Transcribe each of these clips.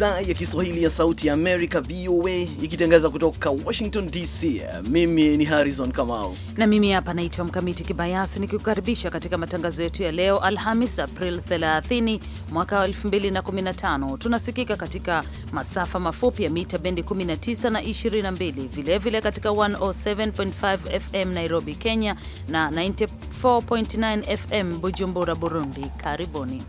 idhaa ya Kiswahili ya Sauti ya Amerika, VOA, ikitangaza kutoka Washington DC. Mimi ni Harrison Kamau na mimi hapa naitwa Mkamiti Kibayasi, nikikukaribisha katika matangazo yetu ya leo Alhamis, April 30 mwaka wa 2015. Tunasikika katika masafa mafupi ya mita bendi 19 na 22, vilevile vile katika 107.5 FM Nairobi, Kenya na 94.9 FM Bujumbura, Burundi. Karibuni.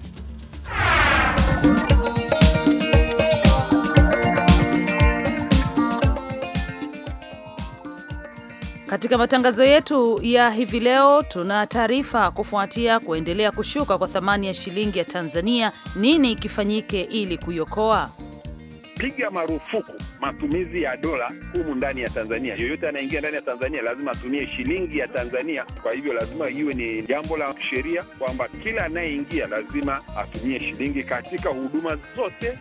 Katika matangazo yetu ya hivi leo tuna taarifa kufuatia kuendelea kushuka kwa thamani ya shilingi ya Tanzania, nini ikifanyike ili kuiokoa? Piga marufuku matumizi ya dola humu ndani ya Tanzania. Yoyote anaingia ndani ya Tanzania lazima atumie shilingi ya Tanzania. Kwa hivyo lazima iwe ni jambo la kisheria kwamba kila anayeingia lazima atumie shilingi katika huduma zote.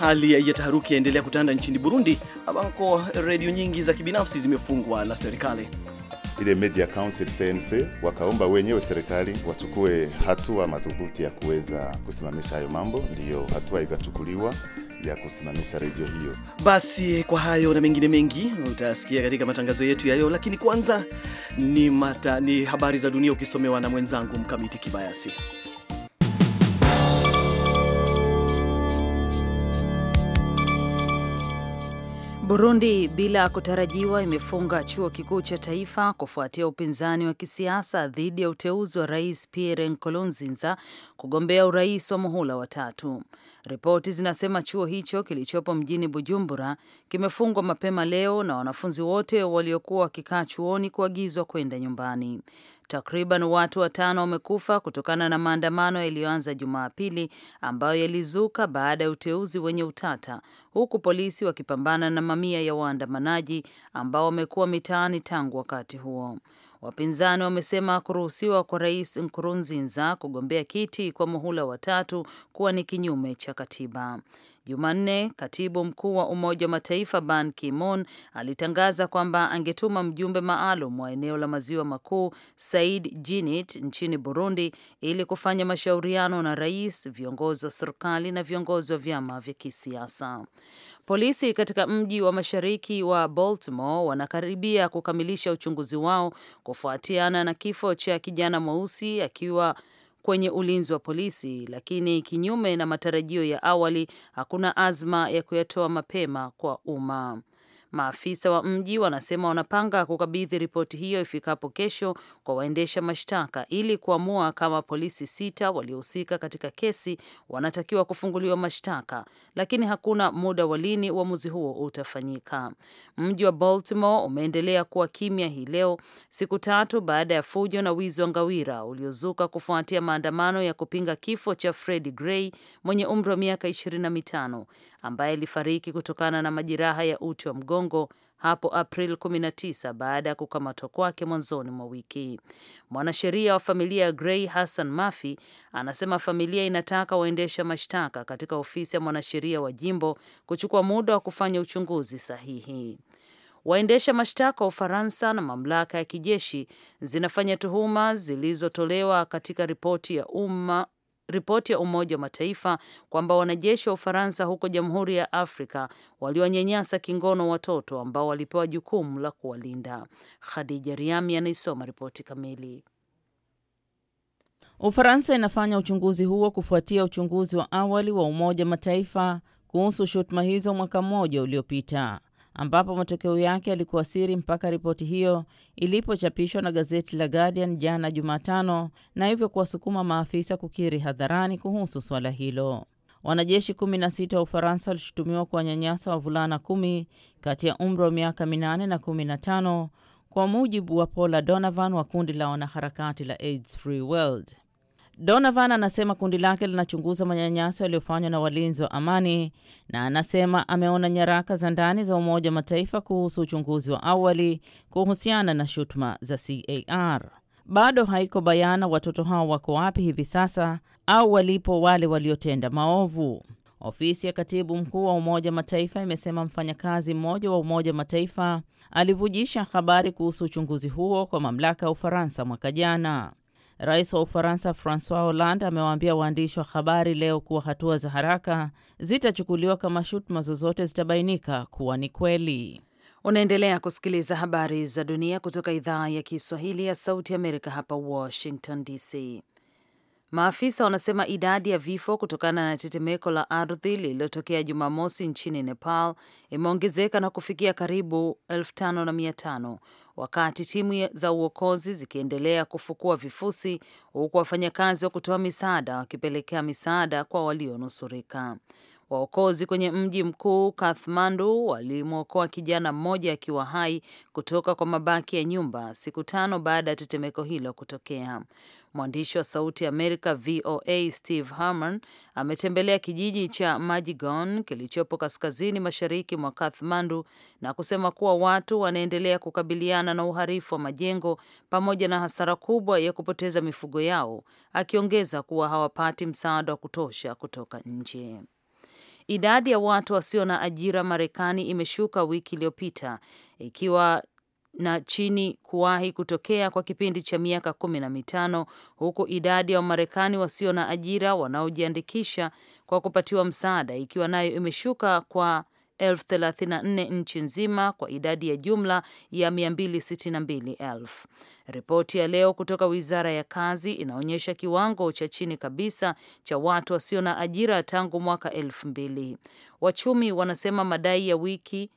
Hali ya taharuki yaendelea kutanda nchini Burundi ambako redio nyingi za kibinafsi zimefungwa na serikali. Ile Media Council CNC wakaomba wenyewe serikali wachukue hatua madhubuti ya kuweza kusimamisha hayo mambo, ndiyo hatua ikachukuliwa ya kusimamisha redio hiyo. Basi kwa hayo na mengine mengi utasikia katika matangazo yetu ya leo, lakini kwanza ni, mata, ni habari za dunia ukisomewa na mwenzangu Mkamiti Kibayasi. Burundi bila kutarajiwa imefunga chuo kikuu cha taifa kufuatia upinzani wa kisiasa dhidi ya uteuzi wa Rais Pierre Nkurunziza kugombea urais wa muhula wa tatu. Ripoti zinasema chuo hicho kilichopo mjini Bujumbura kimefungwa mapema leo na wanafunzi wote waliokuwa wakikaa chuoni kuagizwa kwenda nyumbani. Takriban watu watano wamekufa kutokana na maandamano yaliyoanza Jumapili ambayo yalizuka baada ya uteuzi wenye utata, huku polisi wakipambana na mamia ya waandamanaji ambao wamekuwa mitaani tangu wakati huo. Wapinzani wamesema kuruhusiwa kwa Rais Nkurunziza kugombea kiti kwa muhula watatu kuwa ni kinyume cha katiba. Jumanne, katibu mkuu wa Umoja wa Mataifa Ban Ki-moon alitangaza kwamba angetuma mjumbe maalum wa eneo la maziwa makuu Said jinit nchini Burundi ili kufanya mashauriano na rais, viongozi wa serikali na viongozi wa vyama vya kisiasa. Polisi katika mji wa mashariki wa Baltimore wanakaribia kukamilisha uchunguzi wao kufuatiana na kifo cha kijana mweusi akiwa kwenye ulinzi wa polisi, lakini kinyume na matarajio ya awali, hakuna azma ya kuyatoa mapema kwa umma. Maafisa wa mji wanasema wanapanga kukabidhi ripoti hiyo ifikapo kesho kwa waendesha mashtaka ili kuamua kama polisi sita waliohusika katika kesi wanatakiwa kufunguliwa mashtaka, lakini hakuna muda wa lini uamuzi huo utafanyika. Mji wa Baltimore umeendelea kuwa kimya hii leo, siku tatu baada ya fujo na wizi wa ngawira uliozuka kufuatia maandamano ya kupinga kifo cha Freddie Gray mwenye umri wa miaka 25 ambaye alifariki kutokana na majeraha ya uti wa mgongo Kongo hapo April 19 baada ya kukamatwa kwake mwanzoni mwa wiki. Mwanasheria wa familia ya Gray Hassan Mafi anasema familia inataka waendesha mashtaka katika ofisi ya mwanasheria wa jimbo kuchukua muda wa kufanya uchunguzi sahihi. Waendesha mashtaka wa Ufaransa na mamlaka ya kijeshi zinafanya tuhuma zilizotolewa katika ripoti ya umma ripoti ya Umoja wa Mataifa kwamba wanajeshi wa Ufaransa huko Jamhuri ya Afrika waliwanyanyasa kingono watoto ambao walipewa jukumu la kuwalinda. Khadija Riami anaisoma ripoti kamili. Ufaransa inafanya uchunguzi huo kufuatia uchunguzi wa awali wa Umoja wa Mataifa kuhusu shutuma hizo mwaka mmoja uliopita ambapo matokeo yake yalikuwa siri mpaka ripoti hiyo ilipochapishwa na gazeti la Guardian jana Jumatano, na hivyo kuwasukuma maafisa kukiri hadharani kuhusu swala hilo. Wanajeshi 16 wa Ufaransa walishutumiwa kuwanyanyasa wavulana kumi kati ya umri wa miaka minane na tano kwa mujibu wa Paula Donovan wa kundi la wanaharakati la AIDS Free World. Donovan anasema kundi lake linachunguza manyanyaso yaliyofanywa na walinzi wa amani na anasema ameona nyaraka za ndani za Umoja wa Mataifa kuhusu uchunguzi wa awali kuhusiana na shutuma za CAR. Bado haiko bayana watoto hao wako wapi hivi sasa au walipo wale waliotenda maovu. Ofisi ya katibu mkuu wa Umoja wa Mataifa imesema mfanyakazi mmoja wa Umoja wa Mataifa alivujisha habari kuhusu uchunguzi huo kwa mamlaka ya Ufaransa mwaka jana. Rais wa Ufaransa Francois Hollande amewaambia waandishi wa habari leo kuwa hatua za haraka zitachukuliwa kama shutuma zozote zitabainika kuwa ni kweli. Unaendelea kusikiliza habari za dunia kutoka idhaa ya Kiswahili ya Sauti Amerika hapa Washington DC. Maafisa wanasema idadi ya vifo kutokana na tetemeko la ardhi lililotokea Jumamosi nchini Nepal imeongezeka na kufikia karibu 5500 wakati timu za uokozi zikiendelea kufukua vifusi, huku wafanyakazi wa kutoa misaada wakipelekea misaada kwa walionusurika. Waokozi kwenye mji mkuu Kathmandu walimwokoa kijana mmoja akiwa hai kutoka kwa mabaki ya nyumba siku tano baada ya tetemeko hilo kutokea. Mwandishi wa Sauti ya Amerika VOA Steve Harman ametembelea kijiji cha Majigon kilichopo kaskazini mashariki mwa Kathmandu na kusema kuwa watu wanaendelea kukabiliana na uharifu wa majengo pamoja na hasara kubwa ya kupoteza mifugo yao, akiongeza kuwa hawapati msaada wa kutosha kutoka nje. Idadi ya watu wasio na ajira Marekani imeshuka wiki iliyopita ikiwa na chini kuwahi kutokea kwa kipindi cha miaka kumi na mitano huku idadi ya Wamarekani wasio na ajira wanaojiandikisha kwa kupatiwa msaada ikiwa nayo imeshuka kwa 34 nchi nzima kwa idadi ya jumla ya 262,000. Ripoti ya leo kutoka Wizara ya Kazi inaonyesha kiwango cha chini kabisa cha watu wasio na ajira tangu mwaka elfu mbili. Wachumi wanasema madai ya wiki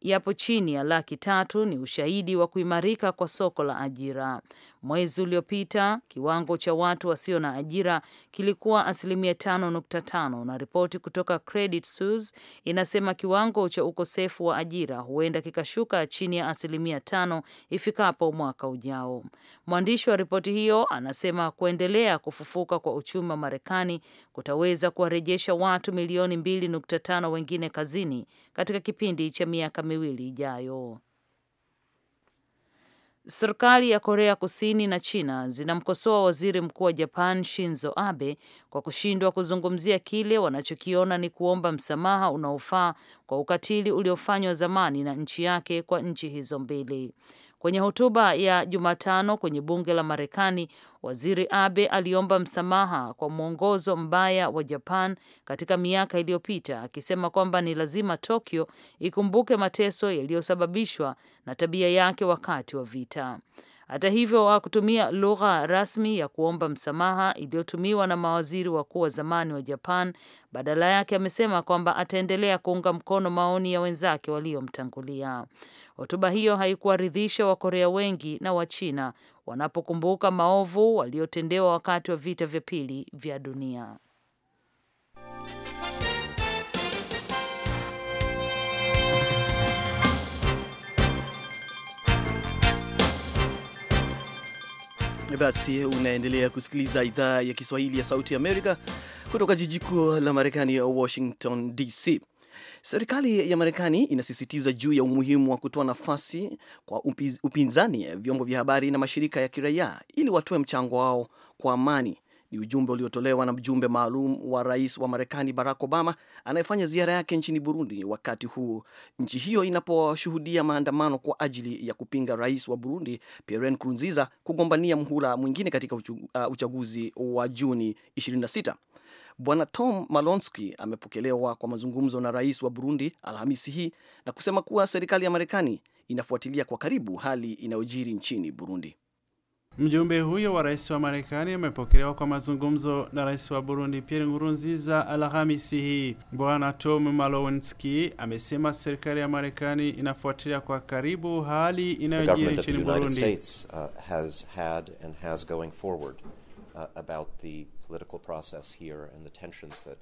yapo chini ya laki tatu ni ushahidi wa kuimarika kwa soko la ajira. Mwezi uliopita kiwango cha watu wasio na ajira kilikuwa asilimia tano nukta tano na ripoti kutoka Credit Suisse inasema kiwango cha ukosefu wa ajira huenda kikashuka chini ya asilimia tano ifikapo mwaka ujao. Mwandishi wa ripoti hiyo anasema kuendelea kufufuka kwa uchumi wa Marekani kutaweza kuwarejesha watu milioni mbili nukta tano wengine kazini katika kipindi cha miaka miwili ijayo. Serikali ya Korea Kusini na China zinamkosoa waziri mkuu wa Japan Shinzo Abe kwa kushindwa kuzungumzia kile wanachokiona ni kuomba msamaha unaofaa kwa ukatili uliofanywa zamani na nchi yake kwa nchi hizo mbili. Kwenye hotuba ya Jumatano kwenye bunge la Marekani, waziri Abe aliomba msamaha kwa mwongozo mbaya wa Japan katika miaka iliyopita, akisema kwamba ni lazima Tokyo ikumbuke mateso yaliyosababishwa na tabia yake wakati wa vita. Hata hivyo hakutumia lugha rasmi ya kuomba msamaha iliyotumiwa na mawaziri wakuu wa zamani wa Japan. Badala yake amesema kwamba ataendelea kuunga mkono maoni ya wenzake waliomtangulia. Hotuba hiyo haikuwaridhisha Wakorea wengi na Wachina wanapokumbuka maovu waliotendewa wakati wa vita vya pili vya dunia. Basi unaendelea kusikiliza idhaa ya Kiswahili ya Sauti Amerika kutoka jiji kuu la Marekani ya Washington DC. Serikali ya Marekani inasisitiza juu ya umuhimu wa kutoa nafasi kwa upinzani, vyombo vya habari na mashirika ya kiraia ili watoe mchango wao kwa amani ni ujumbe uliotolewa na mjumbe maalum wa rais wa Marekani Barack Obama anayefanya ziara yake nchini Burundi, wakati huu nchi hiyo inaposhuhudia maandamano kwa ajili ya kupinga rais wa Burundi Pierre Nkurunziza kugombania mhula mwingine katika uh, uchaguzi wa Juni 26. Bwana Tom Malonski amepokelewa kwa mazungumzo na rais wa Burundi Alhamisi hii na kusema kuwa serikali ya Marekani inafuatilia kwa karibu hali inayojiri nchini Burundi. Mjumbe huyo wa rais wa Marekani amepokelewa kwa mazungumzo na rais wa Burundi Pierre Nkurunziza Alhamisi hii. Bwana Tom Malowinski amesema serikali ya Marekani inafuatilia kwa karibu hali inayojiri nchini Burundi. Uh, uh, about the political process here and the tensions that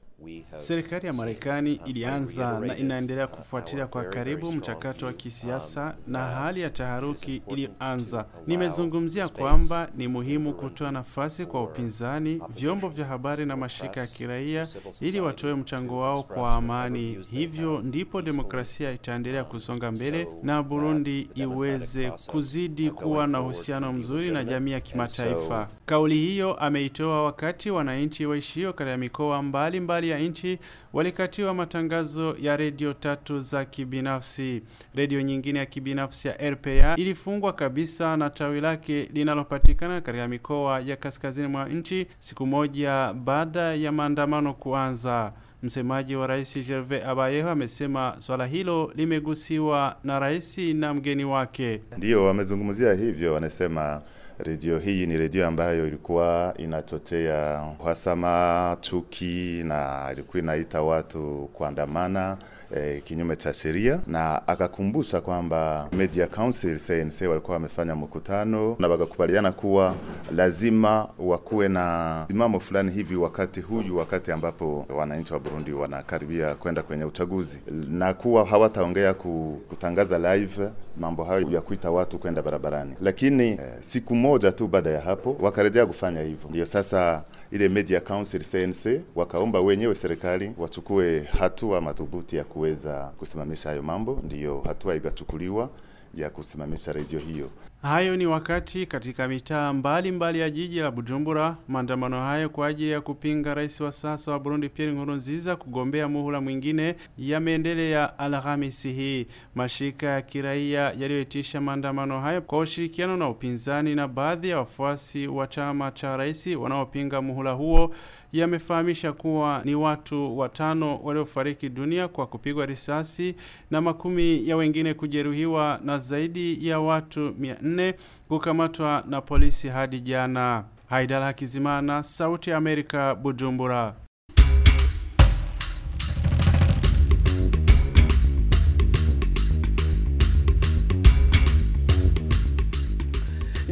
Serikali ya Marekani ilianza na inaendelea kufuatilia kwa karibu mchakato wa kisiasa um, na hali ya taharuki iliyoanza. Nimezungumzia kwamba ni muhimu kutoa nafasi kwa upinzani, vyombo vya habari na mashirika ya kiraia ili watoe mchango wao kwa amani. Hivyo ndipo demokrasia itaendelea um, kusonga mbele na Burundi iweze kuzidi kuwa na uhusiano mzuri na jamii ya kimataifa. Kauli hiyo ameitoa wakati wananchi waishio katika mikoa mbalimbali serikali ya nchi walikatiwa matangazo ya redio tatu za kibinafsi. Redio nyingine ya kibinafsi ya RPA ilifungwa kabisa na tawi lake linalopatikana katika mikoa ya kaskazini mwa nchi siku moja baada ya maandamano kuanza. Msemaji wa rais Gervais Abayeho amesema swala hilo limegusiwa na rais na mgeni wake. Ndiyo wamezungumzia hivyo, wanasema Redio hii ni redio ambayo ilikuwa inachochea uhasama, chuki na ilikuwa inaita watu kuandamana E, kinyume cha sheria na akakumbusha kwamba Media Council CNC walikuwa wamefanya mkutano na wakakubaliana kuwa lazima wakuwe na simamo fulani hivi wakati huyu, wakati ambapo wananchi wa Burundi wanakaribia kwenda kwenye uchaguzi, na kuwa hawataongea kutangaza live mambo hayo ya kuita watu kwenda barabarani, lakini eh, siku moja tu baada ya hapo wakarejea kufanya hivyo. Ndiyo sasa ile media council CNC wakaomba wenyewe serikali wachukue hatua madhubuti ya kuweza kusimamisha hayo mambo, ndiyo hatua ikachukuliwa ya kusimamisha redio hiyo. Hayo ni wakati katika mitaa mbalimbali ya jiji la Bujumbura, maandamano hayo kwa ajili ya kupinga rais wa sasa wa Burundi Pierre Nkurunziza kugombea muhula mwingine yameendelea Alhamisi hii. Mashirika ya kiraia yaliyoitisha maandamano hayo kwa ushirikiano na upinzani na baadhi ya wafuasi wa chama cha rais wanaopinga muhula huo yamefahamisha kuwa ni watu watano waliofariki dunia kwa kupigwa risasi na makumi ya wengine kujeruhiwa na zaidi ya watu 400 kukamatwa na polisi hadi jana. haidala Hakizimana, Sauti ya Amerika, Bujumbura.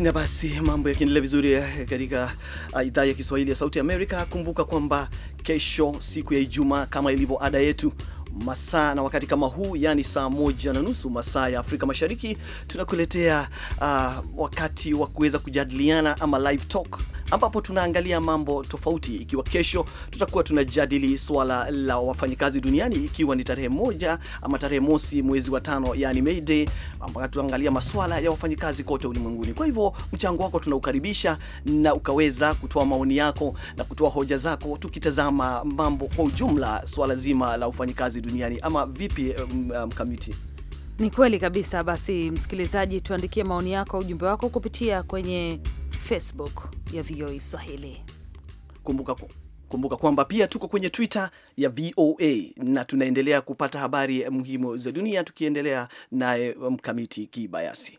na basi mambo yakiendelea vizuri eh, katika ah, idhaa ya Kiswahili ya Sauti Amerika, kumbuka kwamba kesho, siku ya Ijumaa, kama ilivyo ada yetu masaa na wakati kama huu, yaani saa moja na nusu masaa ya Afrika Mashariki, tunakuletea uh, wakati wa kuweza kujadiliana ama live talk ambapo tunaangalia mambo tofauti, ikiwa kesho tutakuwa tunajadili swala la wafanyikazi duniani, ikiwa ni tarehe moja ama tarehe mosi mwezi wa tano, yani May Day, ambapo tunaangalia maswala ya wafanyikazi kote ulimwenguni. Kwa hivyo mchango wako tunaukaribisha, na ukaweza kutoa maoni yako na kutoa hoja zako, tukitazama mambo kwa ujumla, swala zima la ufanyikazi duniani. Ama vipi mkamiti? um, um, ni kweli kabisa. Basi msikilizaji, tuandikie maoni yako, ujumbe wako kupitia kwenye Facebook ya VOA Swahili. Kumbuka, kumbuka kwamba pia tuko kwenye Twitter ya VOA na tunaendelea kupata habari muhimu za dunia, tukiendelea naye Mkamiti Kibayasi.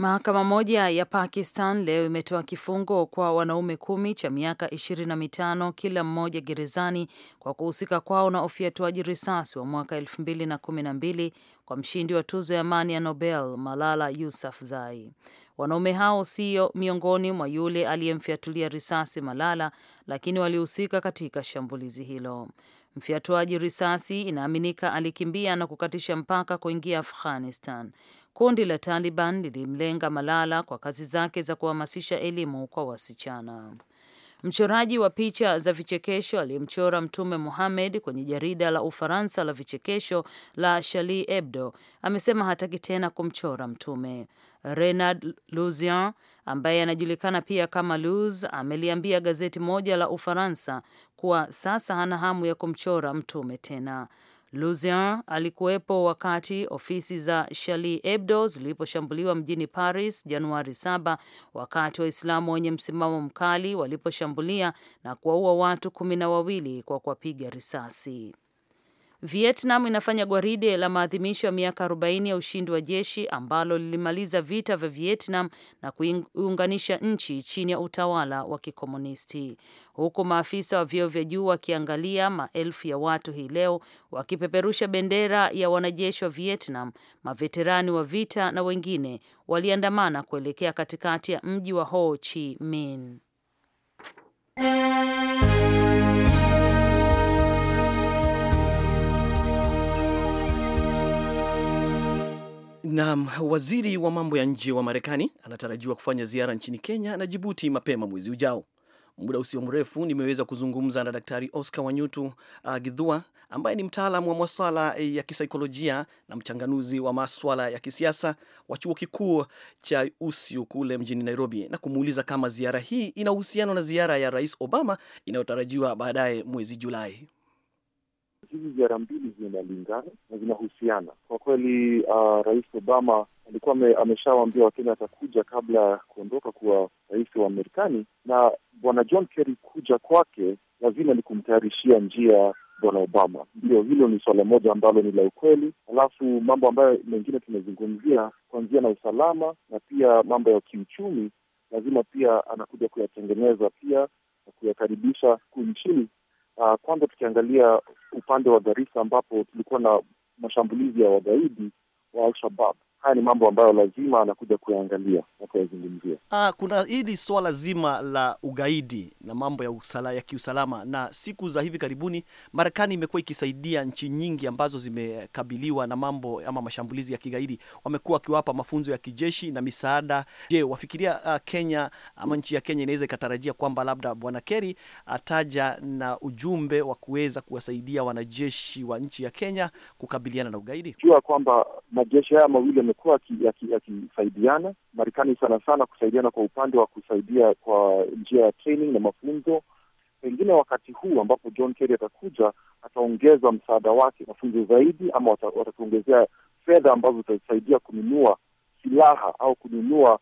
Mahakama moja ya Pakistan leo imetoa kifungo kwa wanaume kumi cha miaka ishirini na mitano kila mmoja gerezani kwa kuhusika kwao na ufiatuaji risasi wa mwaka elfu mbili na kumi na mbili kwa mshindi wa tuzo ya amani ya Nobel Malala Yousafzai. Wanaume hao sio miongoni mwa yule aliyemfiatulia risasi Malala, lakini walihusika katika shambulizi hilo. Mfiatuaji risasi inaaminika alikimbia na kukatisha mpaka kuingia Afghanistan. Kundi la Taliban lilimlenga Malala kwa kazi zake za kuhamasisha elimu kwa wasichana. Mchoraji wa picha za vichekesho aliyemchora Mtume Muhammad kwenye jarida la Ufaransa la vichekesho la Charlie Hebdo amesema hataki tena kumchora Mtume. Renard Luzian ambaye anajulikana pia kama Luz ameliambia gazeti moja la Ufaransa kuwa sasa hana hamu ya kumchora Mtume tena. Luzian alikuwepo wakati ofisi za Charlie Hebdo ziliposhambuliwa mjini Paris Januari 7 wakati Waislamu wenye msimamo mkali waliposhambulia na kuwaua watu kumi na wawili kwa kuwapiga risasi. Vietnam inafanya gwaride la maadhimisho ya miaka 40 ya ushindi wa jeshi ambalo lilimaliza vita vya Vietnam na kuiunganisha nchi chini ya utawala wa kikomunisti, huku maafisa wa vyeo vya juu wakiangalia maelfu ya watu hii leo wakipeperusha bendera ya wanajeshi wa Vietnam, maveterani wa vita na wengine waliandamana kuelekea katikati ya mji wa Ho Chi Minh. Naam, waziri wa mambo ya nje wa Marekani anatarajiwa kufanya ziara nchini Kenya na Jibuti mapema mwezi ujao. Muda usio mrefu nimeweza kuzungumza na Daktari Oscar Wanyutu uh, ah, Gidhua ambaye ni mtaalamu wa maswala eh, ya kisaikolojia na mchanganuzi wa maswala ya kisiasa wa chuo kikuu cha usiu kule mjini Nairobi, na kumuuliza kama ziara hii ina uhusiano na ziara ya Rais Obama inayotarajiwa baadaye mwezi Julai hizi ziara mbili zinalingana na zinahusiana kwa kweli. Uh, Rais Obama alikuwa ameshawaambia Wakenya atakuja kabla ya kuondoka kuwa rais wa Marekani, na bwana John Kerry kuja kwake lazima ni kumtayarishia njia bwana Obama. Ndio hilo ni suala moja ambalo ni la ukweli. alafu mambo ambayo mengine tumezungumzia kuanzia na usalama na pia mambo ya kiuchumi, lazima pia anakuja kuyatengeneza pia na kuyakaribisha huku nchini Uh, kwanza tukiangalia upande wa Garissa ambapo tulikuwa na mashambulizi ya wagaidi wa Al-Shabab haya ni mambo ambayo lazima anakuja kuyaangalia na kuyazungumzia. Ah, kuna hili swala zima la ugaidi na mambo ya usala, ya kiusalama. Na siku za hivi karibuni, Marekani imekuwa ikisaidia nchi nyingi ambazo zimekabiliwa na mambo ama mashambulizi ya kigaidi, wamekuwa wakiwapa mafunzo ya kijeshi na misaada. Je, wafikiria uh, Kenya ama nchi ya Kenya inaweza ikatarajia kwamba labda Bwana Kerry ataja na ujumbe wa kuweza kuwasaidia wanajeshi wa nchi ya Kenya kukabiliana na ugaidi? Jua kwamba majeshi haya mawili yamekuwa yakisaidiana yaki, Marekani sana sana kusaidiana kwa upande wa kusaidia kwa njia ya training na mafunzo. Pengine wakati huu ambapo John Kerry atakuja ataongeza msaada wake mafunzo zaidi, ama watatuongezea fedha ambazo zitasaidia kununua silaha au kununua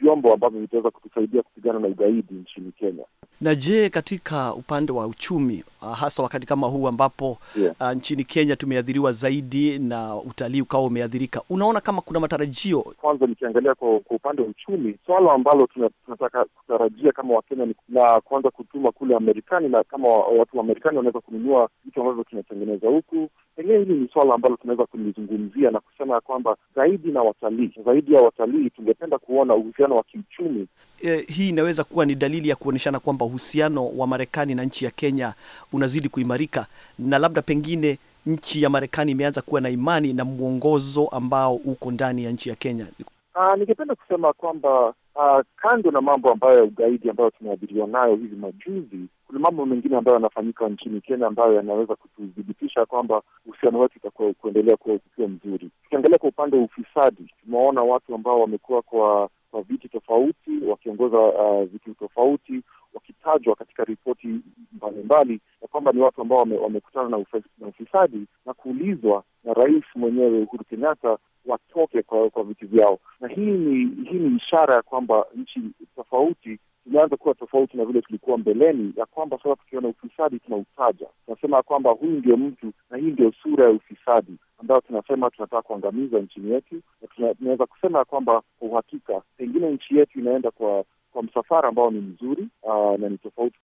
vyombo ambavyo vitaweza kutusaidia kupigana na ugaidi nchini Kenya. Na je, katika upande wa uchumi uh, hasa wakati kama huu ambapo yeah. uh, nchini Kenya tumeathiriwa zaidi na utalii ukawa umeathirika. Unaona kama kuna matarajio? Kwanza nikiangalia kwa upande wa uchumi, swala ambalo tunataka kutarajia kama Wakenya ni na kwanza kutuma kule Amerikani, na kama watu wa Amerikani wanaweza kununua vitu ambavyo tunatengeneza huku, pengine hili ni swala ambalo tunaweza kulizungumzia na kusema ya kwamba zaidi na watalii, zaidi ya watalii, tungependa kuona uhusiano wa kiuchumi eh, hii inaweza kuwa ni dalili ya kuoneshana kwamba uhusiano wa Marekani na nchi ya Kenya unazidi kuimarika na labda pengine nchi ya Marekani imeanza kuwa na imani na mwongozo ambao uko ndani ya nchi ya Kenya. Uh, ningependa kusema kwamba uh, kando na mambo ambayo ya ugaidi ambayo tumeadhiriwa nayo hivi majuzi, kuna mambo mengine ambayo yanafanyika nchini Kenya ambayo yanaweza kututhibitisha kwamba uhusiano wetu utakuwa kuendelea kuwa ukiwa mzuri. Tukiangalia kwa upande wa ufisadi, tumeona watu ambao wamekuwa kwa kwa viti tofauti, wakiongoza uh, viti tofauti, wakitajwa katika ripoti mbalimbali ya kwamba ni watu ambao wamekutana na, na ufisadi na kuulizwa na rais mwenyewe Uhuru Kenyatta watoke kwa, kwa viti vyao, na hii ni hii ni ishara ya kwamba nchi tofauti tumeanza kuwa tofauti na vile tulikuwa mbeleni, ya kwamba sasa tukiona ufisadi tunautaja, tunasema ya kwamba huyu ndio mtu na hii ndio sura ya ufisadi ambayo tunasema tunataka kuangamiza nchini yetu, na tunaweza kusema ya kwamba kwa uhakika pengine nchi yetu inaenda kwa kwa msafara ambao ni mzuri aa, ah, na ni tofauti.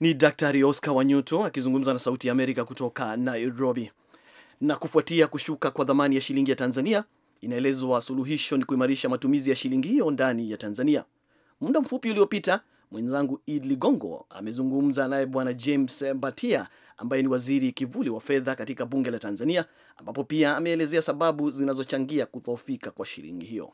Ni Daktari Oscar Wanyuto akizungumza na Sauti ya Amerika kutoka Nairobi. Na kufuatia kushuka kwa dhamani ya shilingi ya Tanzania, inaelezwa suluhisho ni kuimarisha matumizi ya shilingi hiyo ndani ya Tanzania. Muda mfupi uliopita mwenzangu Id Ligongo amezungumza naye Bwana James batia ambaye ni waziri kivuli wa fedha katika bunge la Tanzania, ambapo pia ameelezea sababu zinazochangia kudhoofika kwa shilingi hiyo.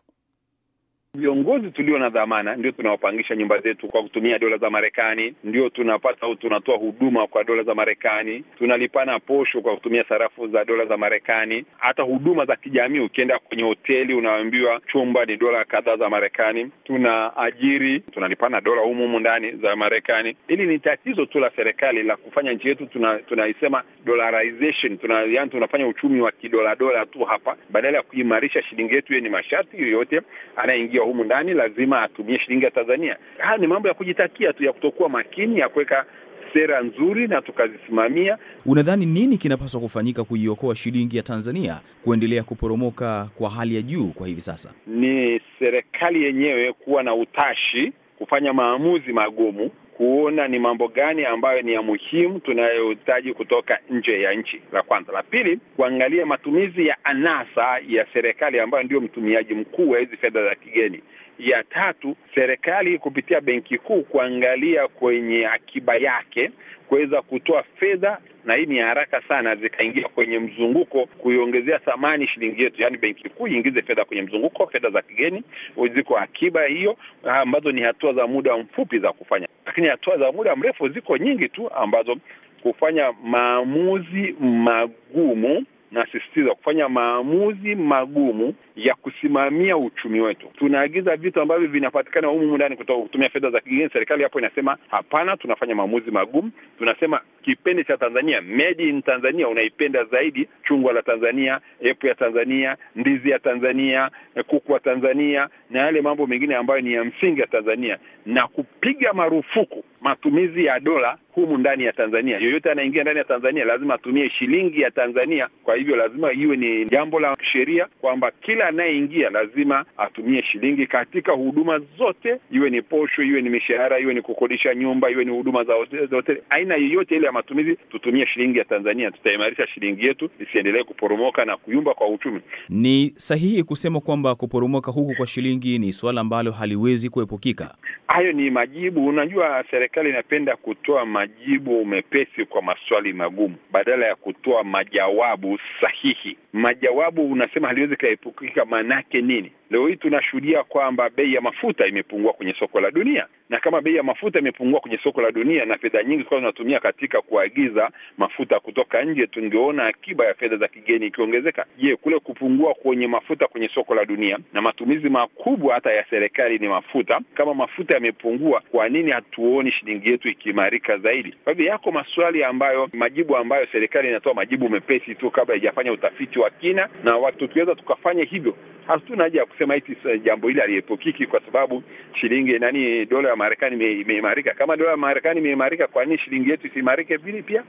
Viongozi tulio na dhamana ndio tunawapangisha nyumba zetu kwa kutumia dola za Marekani, ndio tunapata au tunatoa huduma kwa dola za Marekani, tunalipana posho kwa kutumia sarafu za dola za Marekani. Hata huduma za kijamii, ukienda kwenye hoteli unaambiwa chumba ni dola kadhaa za Marekani. Tuna ajiri, tunalipana dola humu humu ndani za Marekani. Hili ni tatizo tu la serikali la kufanya nchi yetu, tunaisema tuna dollarization, tuna, yani tunafanya uchumi wa kidoladola tu hapa, badala ya kuimarisha shilingi yetu. Hiyo ni masharti yoyote anaingia wa humu ndani lazima atumie shilingi ya Tanzania. Haya ni mambo ya kujitakia tu, ya kutokuwa makini, ya kuweka sera nzuri na tukazisimamia. Unadhani nini kinapaswa kufanyika kuiokoa shilingi ya Tanzania kuendelea kuporomoka kwa hali ya juu kwa hivi sasa? Ni serikali yenyewe kuwa na utashi kufanya maamuzi magumu kuona ni mambo gani ambayo ni ya muhimu tunayohitaji kutoka nje ya nchi, la kwanza. La pili, kuangalia matumizi ya anasa ya serikali ambayo ndio mtumiaji mkuu wa hizi fedha za kigeni. Ya tatu, serikali kupitia Benki Kuu kuangalia kwenye akiba yake kuweza kutoa fedha na hii ni haraka sana, zikaingia kwenye mzunguko kuiongezea thamani shilingi yetu, yani benki kuu iingize fedha kwenye mzunguko, fedha za kigeni ziko akiba hiyo, ah, ambazo ni hatua za muda mfupi za kufanya, lakini hatua za muda mrefu ziko nyingi tu ambazo kufanya maamuzi magumu, nasisitiza kufanya maamuzi magumu ya kusimamia uchumi wetu. Tunaagiza vitu ambavyo vinapatikana humu ndani kutoka kutumia fedha za kigeni. Serikali hapo inasema hapana, tunafanya maamuzi magumu. Tunasema kipindi cha Tanzania, made in Tanzania, unaipenda zaidi chungwa la Tanzania, epu ya Tanzania, ndizi ya Tanzania, kuku wa Tanzania na yale mambo mengine ambayo ni ya msingi ya Tanzania, na kupiga marufuku matumizi ya dola humu ndani ya Tanzania. Yoyote anaingia ndani ya Tanzania lazima atumie shilingi ya Tanzania. Kwa hivyo lazima iwe ni jambo la sheria kwamba kila kila anayeingia lazima atumie shilingi katika huduma zote, iwe ni posho, iwe ni mishahara, iwe ni kukodisha nyumba, iwe ni huduma za hoteli, aina yoyote ile ya matumizi, tutumie shilingi ya Tanzania. Tutaimarisha shilingi yetu isiendelee kuporomoka na kuyumba kwa uchumi. Ni sahihi kusema kwamba kuporomoka huku kwa shilingi ni suala ambalo haliwezi kuepukika. Hayo ni majibu. Unajua, serikali inapenda kutoa majibu mepesi kwa maswali magumu badala ya kutoa majawabu sahihi. Majawabu unasema haliwezi kufahamika maana yake nini. Leo hii tunashuhudia kwamba bei ya mafuta imepungua kwenye soko la dunia, na kama bei ya mafuta imepungua kwenye soko la dunia na fedha nyingi zilikuwa zinatumia katika kuagiza mafuta kutoka nje, tungeona akiba ya fedha za kigeni ikiongezeka. Je, kule kupungua kwenye mafuta kwenye soko la dunia na matumizi makubwa hata ya serikali ni mafuta, kama mafuta yamepungua, kwa nini hatuoni shilingi yetu ikiimarika zaidi? Kwa hivyo yako maswali ambayo, majibu ambayo serikali inatoa majibu mepesi tu kabla haijafanya utafiti wa kina, na watu tukiweza tukafanya hivyo, hatuna haja kusema hiti jambo hili aliepukiki, kwa sababu shilingi nani, dola ya Marekani imeimarika. Kama dola ya Marekani imeimarika, kwa nini shilingi yetu isiimarike vili pia?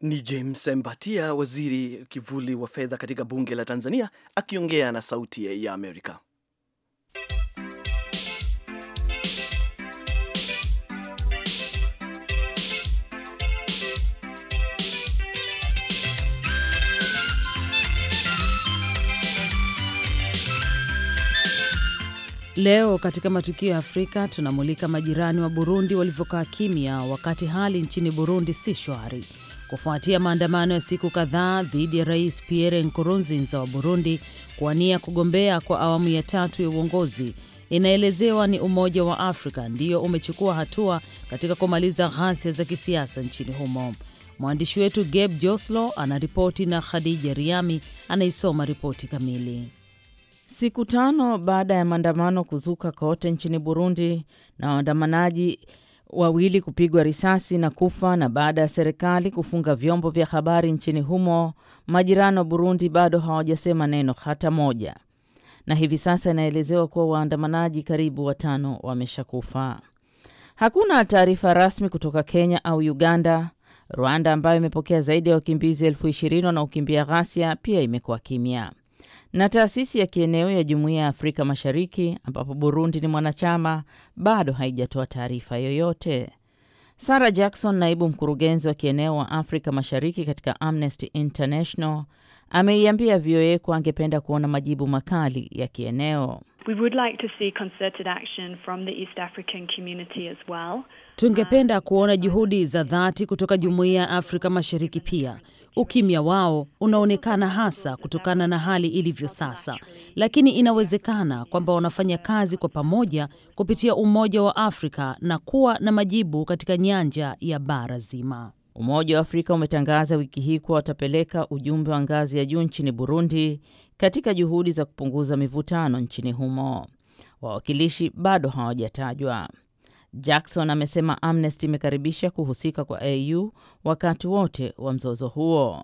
Ni James Mbatia, waziri kivuli wa fedha katika bunge la Tanzania, akiongea na Sauti ya Amerika. Leo katika matukio ya Afrika tunamulika majirani wa Burundi walivyokaa kimya wakati hali nchini Burundi si shwari kufuatia maandamano ya siku kadhaa dhidi ya Rais Pierre Nkurunziza wa Burundi kuwania kugombea kwa awamu ya tatu ya uongozi. Inaelezewa ni Umoja wa Afrika ndiyo umechukua hatua katika kumaliza ghasia za kisiasa nchini humo. Mwandishi wetu Gabe Joslo anaripoti na Khadija Riami anaisoma ripoti kamili. Siku tano baada ya maandamano kuzuka kote nchini Burundi na waandamanaji wawili kupigwa risasi na kufa na baada ya serikali kufunga vyombo vya habari nchini humo, majirani wa Burundi bado hawajasema neno hata moja, na hivi sasa inaelezewa kuwa waandamanaji karibu watano wameshakufa. Hakuna taarifa rasmi kutoka Kenya au Uganda. Rwanda ambayo imepokea zaidi ya wakimbizi elfu ishirini wanaokimbia ghasia pia imekuwa kimya na taasisi ya kieneo ya Jumuiya ya Afrika Mashariki ambapo Burundi ni mwanachama bado haijatoa taarifa yoyote. Sarah Jackson, naibu mkurugenzi wa kieneo wa Afrika Mashariki katika Amnesty International, ameiambia VOA kuwa angependa kuona majibu makali ya kieneo. We would like to see concerted action from the East African community as well. Tungependa kuona juhudi za dhati kutoka Jumuiya ya Afrika Mashariki pia Ukimya wao unaonekana hasa kutokana na hali ilivyo sasa, lakini inawezekana kwamba wanafanya kazi kwa pamoja kupitia Umoja wa Afrika na kuwa na majibu katika nyanja ya bara zima. Umoja wa Afrika umetangaza wiki hii kuwa watapeleka ujumbe wa ngazi ya juu nchini Burundi katika juhudi za kupunguza mivutano nchini humo. Wawakilishi bado hawajatajwa. Jackson amesema Amnesty imekaribisha kuhusika kwa AU wakati wote wa mzozo huo.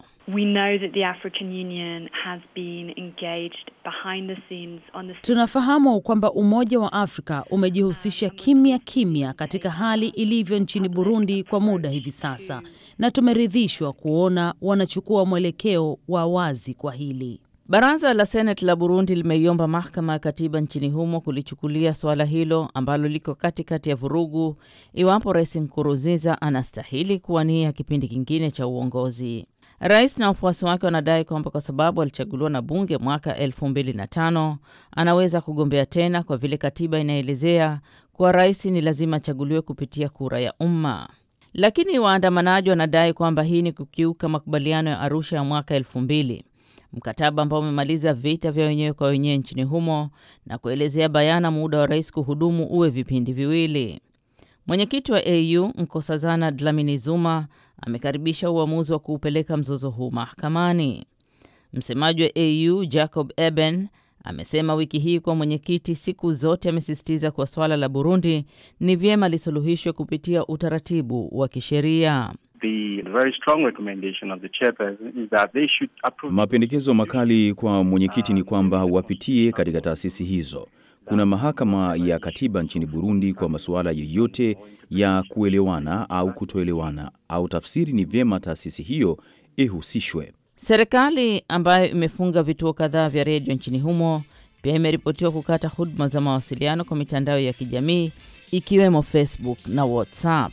Tunafahamu kwamba Umoja wa Afrika umejihusisha kimya kimya katika hali ilivyo nchini Burundi kwa muda hivi sasa, na tumeridhishwa kuona wanachukua mwelekeo wa wazi kwa hili. Baraza la Seneti la Burundi limeiomba mahakama ya katiba nchini humo kulichukulia suala hilo ambalo liko katikati ya vurugu iwapo Rais Nkurunziza anastahili kuwania kipindi kingine cha uongozi. Rais na wafuasi wake wanadai kwamba kwa sababu alichaguliwa na bunge mwaka elfu mbili na tano anaweza kugombea tena kwa vile katiba inaelezea kuwa rais ni lazima achaguliwe kupitia kura ya umma. Lakini waandamanaji wanadai kwamba hii ni kukiuka makubaliano ya Arusha ya mwaka elfu mbili mkataba ambao umemaliza vita vya wenyewe kwa wenyewe nchini humo na kuelezea bayana muda wa rais kuhudumu uwe vipindi viwili. Mwenyekiti wa AU Nkosazana Dlamini Zuma amekaribisha uamuzi wa kuupeleka mzozo huu mahakamani. Msemaji wa AU Jacob Eben amesema wiki hii kwa mwenyekiti siku zote amesisitiza kwa swala la Burundi ni vyema lisuluhishwe kupitia utaratibu wa kisheria. The very strong recommendation of the chairperson is that they should approve. Mapendekezo makali kwa mwenyekiti ni kwamba wapitie katika taasisi hizo. Kuna mahakama ya katiba nchini Burundi kwa masuala yoyote ya kuelewana au kutoelewana au tafsiri, ni vyema taasisi hiyo ihusishwe. Serikali ambayo imefunga vituo kadhaa vya redio nchini humo pia imeripotiwa kukata huduma za mawasiliano kwa mitandao ya kijamii ikiwemo Facebook na WhatsApp.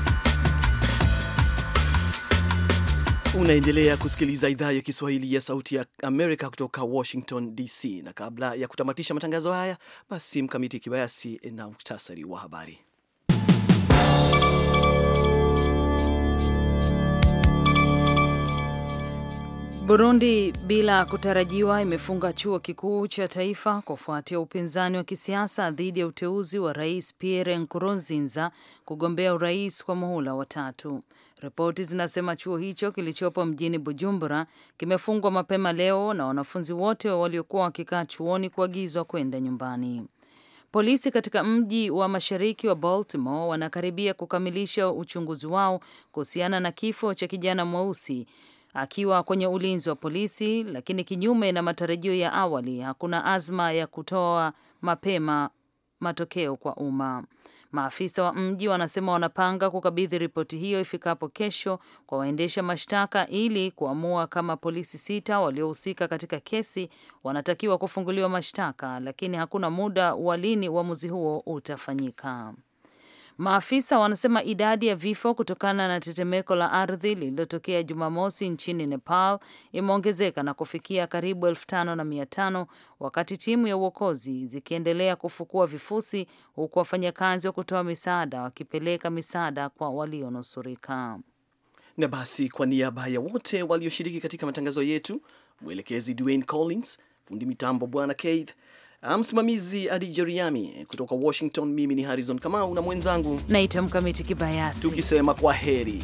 Unaendelea kusikiliza idhaa ya Kiswahili ya Sauti ya Amerika kutoka Washington DC, na kabla ya kutamatisha matangazo haya, basi Mkamiti Kibayasi na muktasari wa habari. Burundi bila kutarajiwa imefunga chuo kikuu cha taifa kufuatia upinzani wa kisiasa dhidi ya uteuzi wa Rais Pierre Nkurunziza kugombea urais kwa muhula wa tatu. Ripoti zinasema chuo hicho kilichopo mjini Bujumbura kimefungwa mapema leo na wanafunzi wote waliokuwa wakikaa chuoni kuagizwa kwenda nyumbani. Polisi katika mji wa mashariki wa Baltimore wanakaribia kukamilisha uchunguzi wao kuhusiana na kifo cha kijana mweusi akiwa kwenye ulinzi wa polisi, lakini kinyume na matarajio ya awali, hakuna azma ya kutoa mapema matokeo kwa umma. Maafisa wa mji wanasema wanapanga kukabidhi ripoti hiyo ifikapo kesho kwa waendesha mashtaka ili kuamua kama polisi sita waliohusika katika kesi wanatakiwa kufunguliwa mashtaka, lakini hakuna muda wa lini uamuzi huo utafanyika. Maafisa wanasema idadi ya vifo kutokana na tetemeko la ardhi lililotokea Jumamosi nchini Nepal imeongezeka na kufikia karibu elfu tano na mia tano wakati timu ya uokozi zikiendelea kufukua vifusi huku wafanyakazi wa kutoa misaada wakipeleka misaada kwa walionusurika. Na basi, kwa niaba ya wote walioshiriki katika matangazo yetu, mwelekezi Dwayne Collins, fundi mitambo Bwana Keith Ah, msimamizi adi jeriami kutoka Washington. Mimi ni Harrison Kamau na mwenzangu naitwa Mkamiti Kibayasi, tukisema kwa heri.